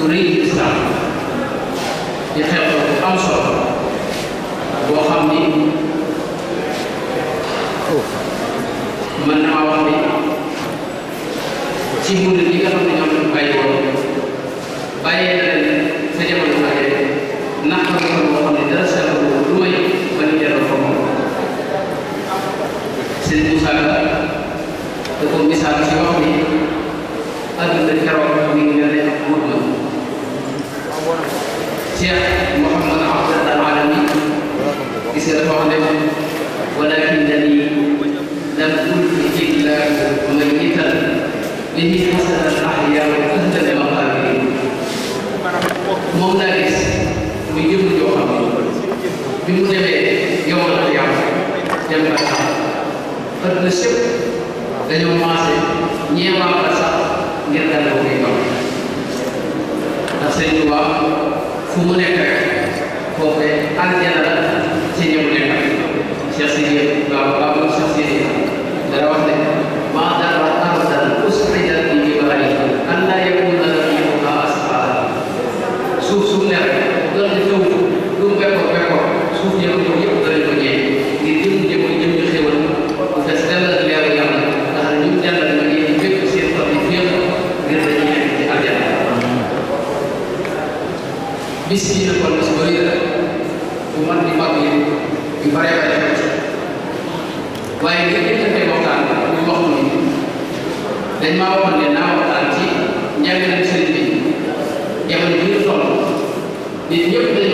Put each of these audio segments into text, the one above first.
lu rëy islam di xew bu am solo boo xam ni mën naa ci mbir li nga xam ne ñoom ñu bàyyi sa jamono bàyyee nax na ko boo xam ne dara seetlu ba ñu delloo ko moom sëñ Moussa da ko misaal ci Cheikh Mouhamed Abdel Alami gis nga dafa wax ne walakinnani lam ulfi illa mayitan bihi hasana al ahya wa ahla al maqabir moom laa gis muy jëm joo xam ne bi mu demee yow la ko yàq dem ba tax adduna sëpp dañoo maase ñeemaa sax ngir dal ko koy ndax sëñ bi fu mu nekk rek foofu aljana la ci ñëw nekk ci si yëpp yang mendiri Nitya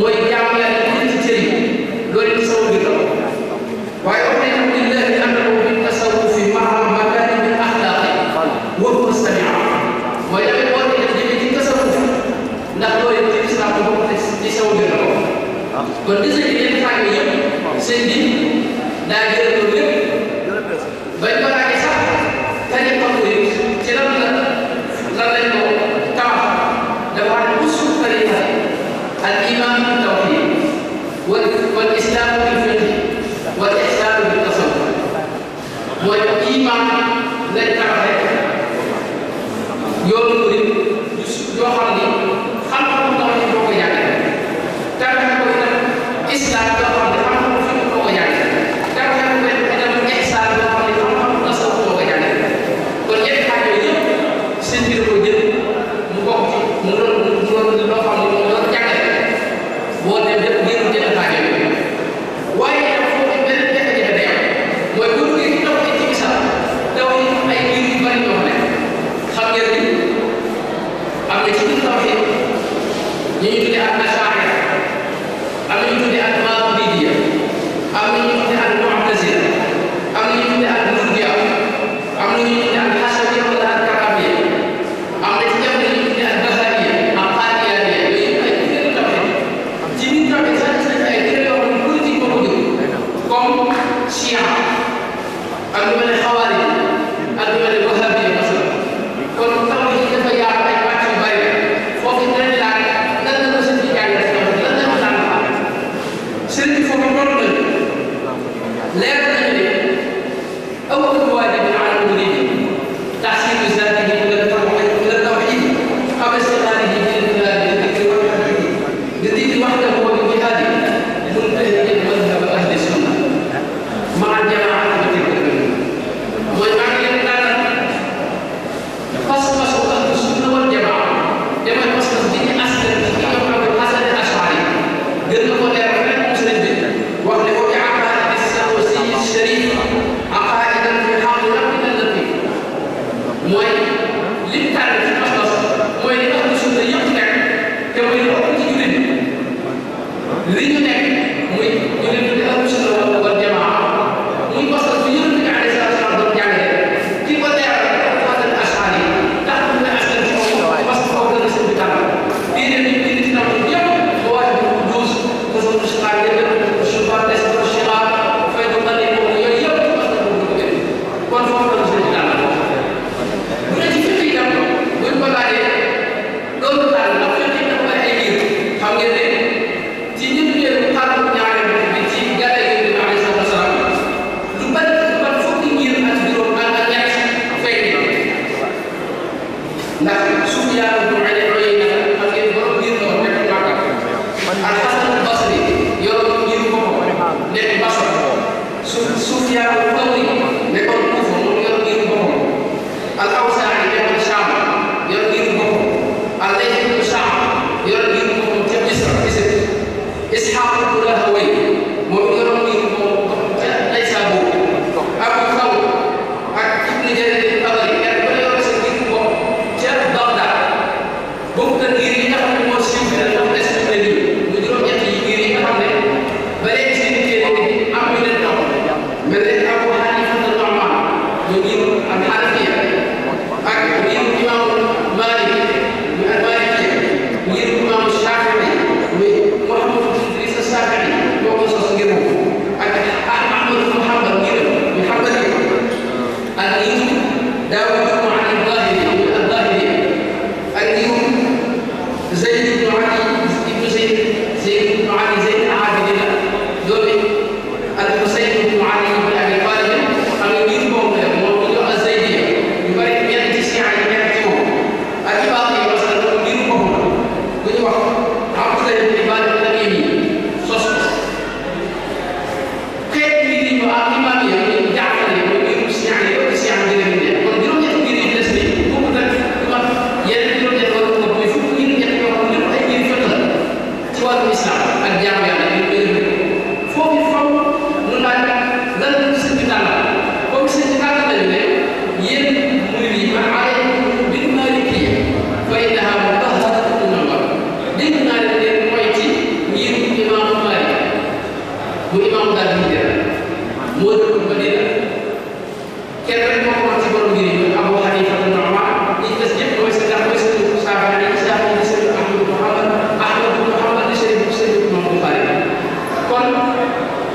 mười trăm lên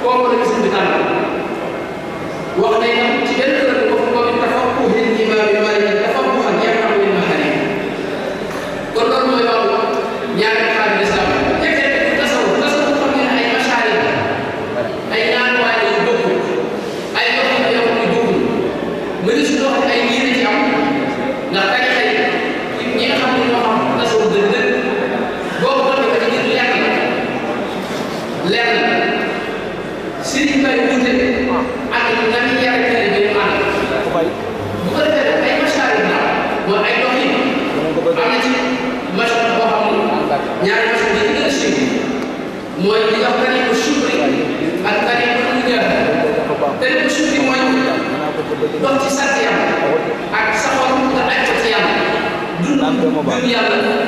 koo mën a gis mu dànn wax na itam ci benn Ia a k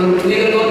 嗯，那个。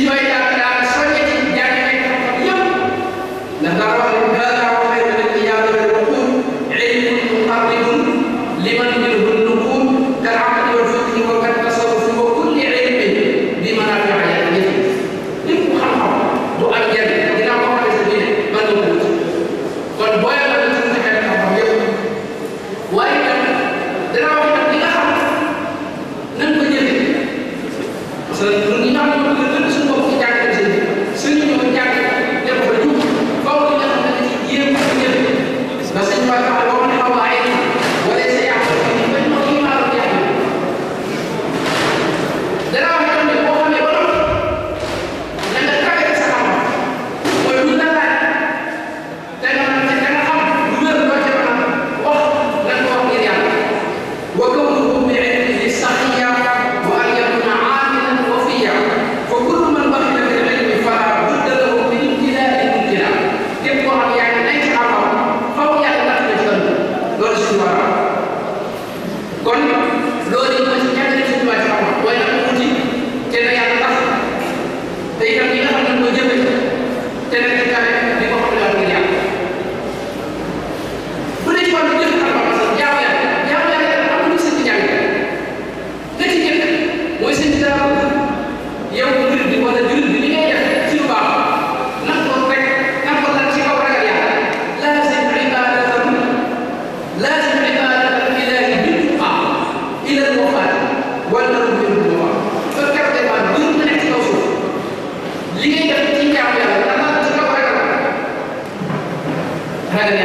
She's right there. Uh, 今天咱们今天晚上，咱们就开个会，开个会。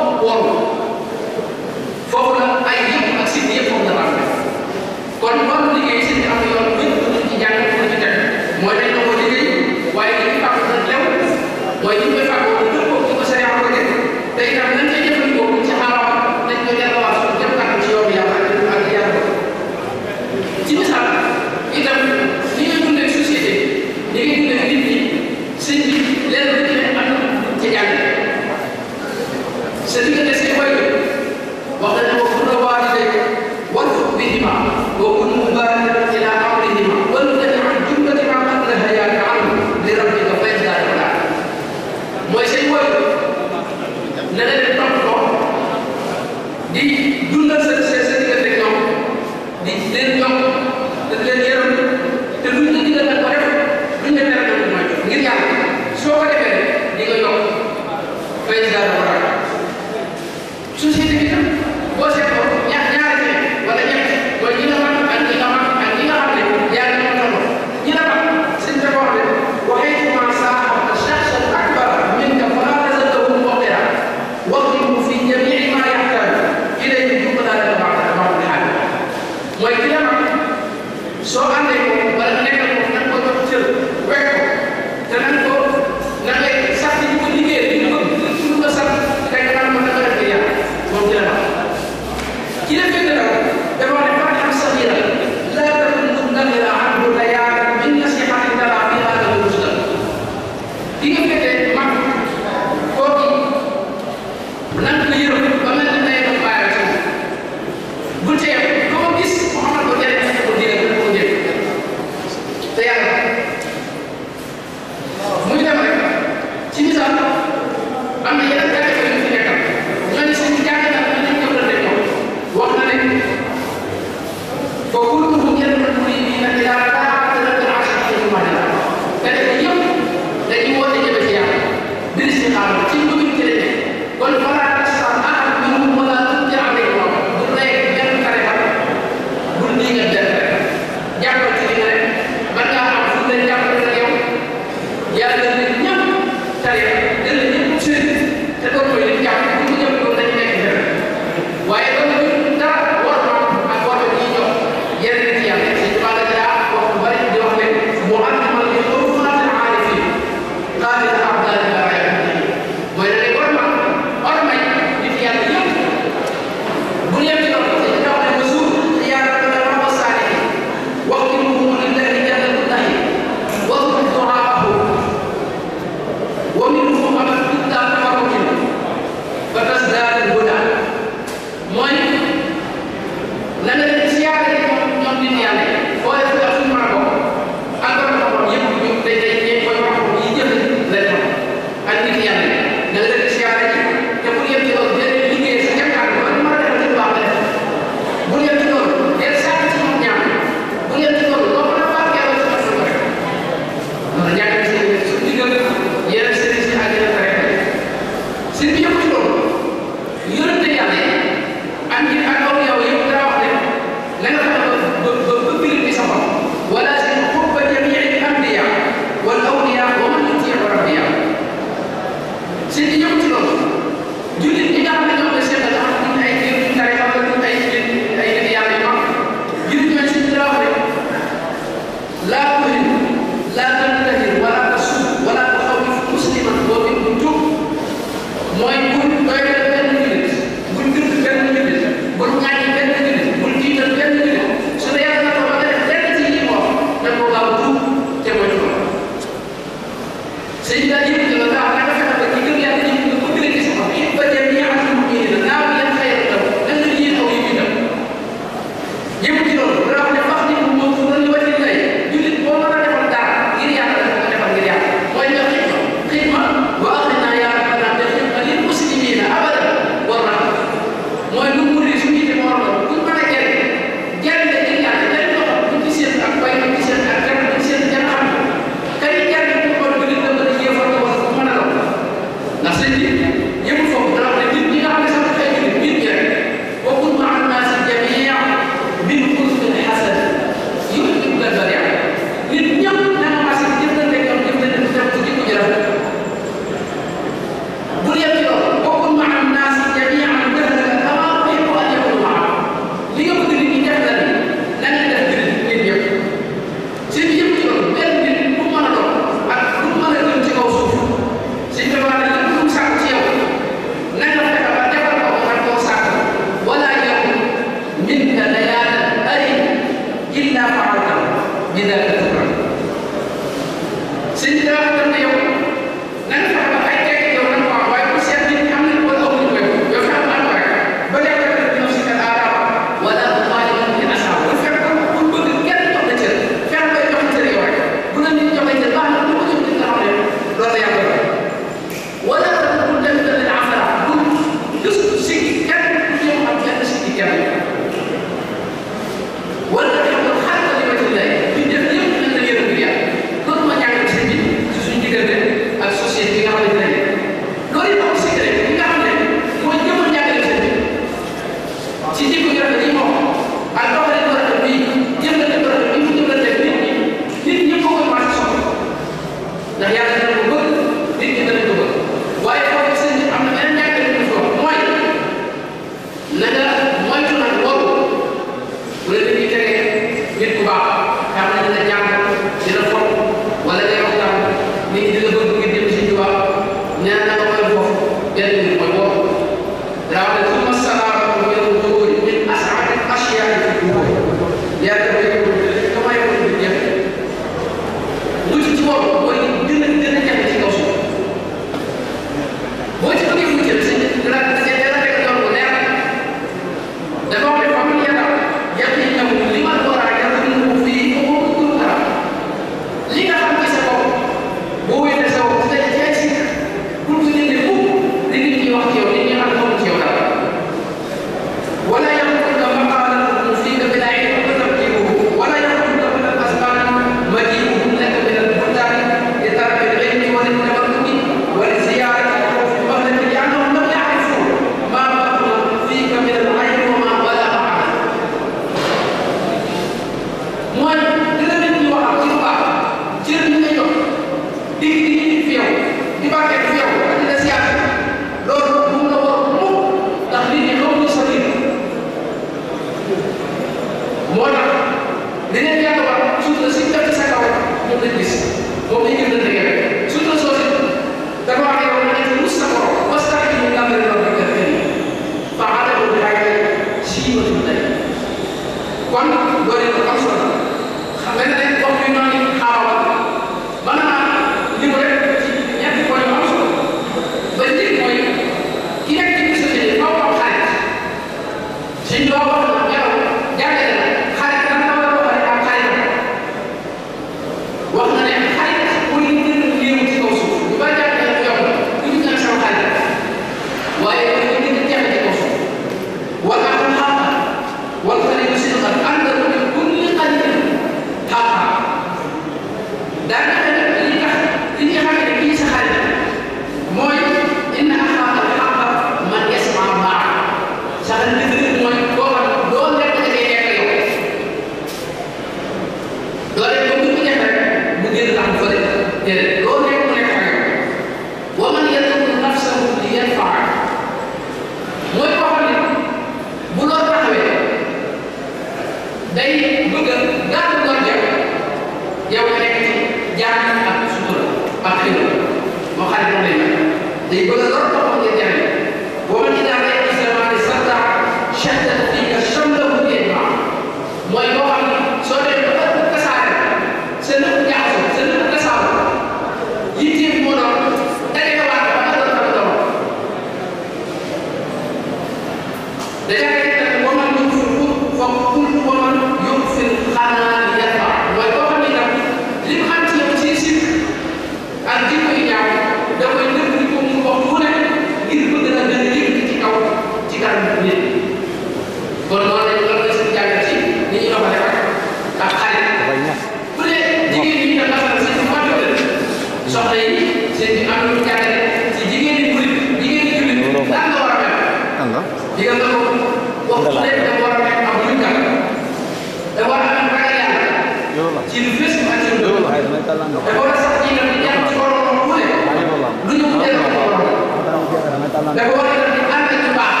alxuraan dafa war a def di ànd ci baax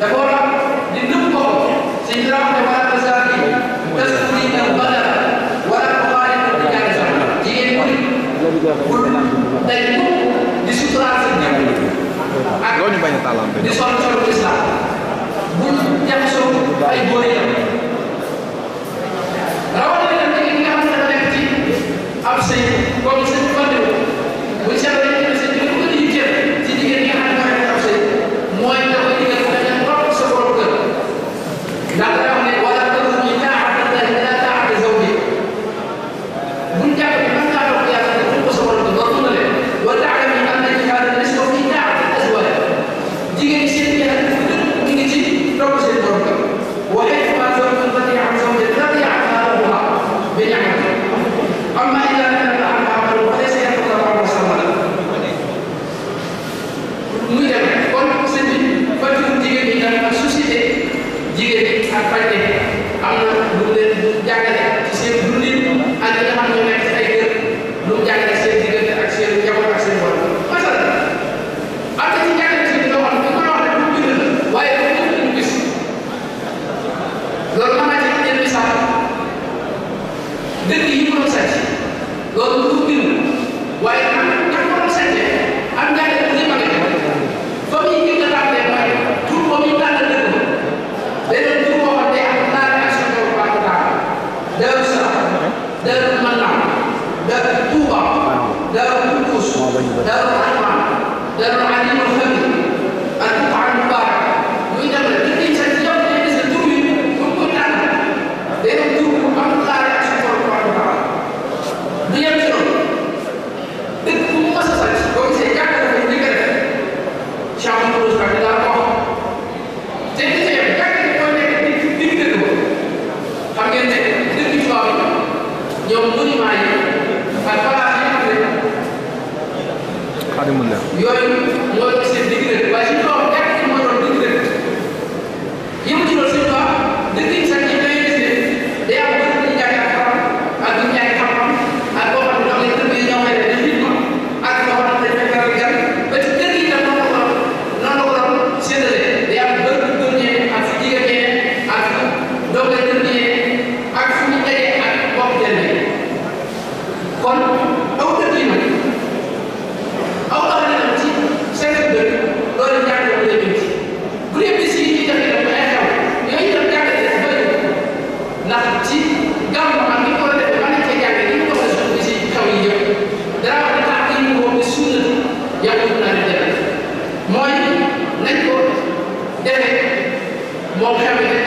dafa war a di nëb ko si dara dafa war a tasaar yi tas ni al badar war a di jaay sax islam bul jaxasoo ay boole yam rawatina nag ñi nga xam ne dafa welcome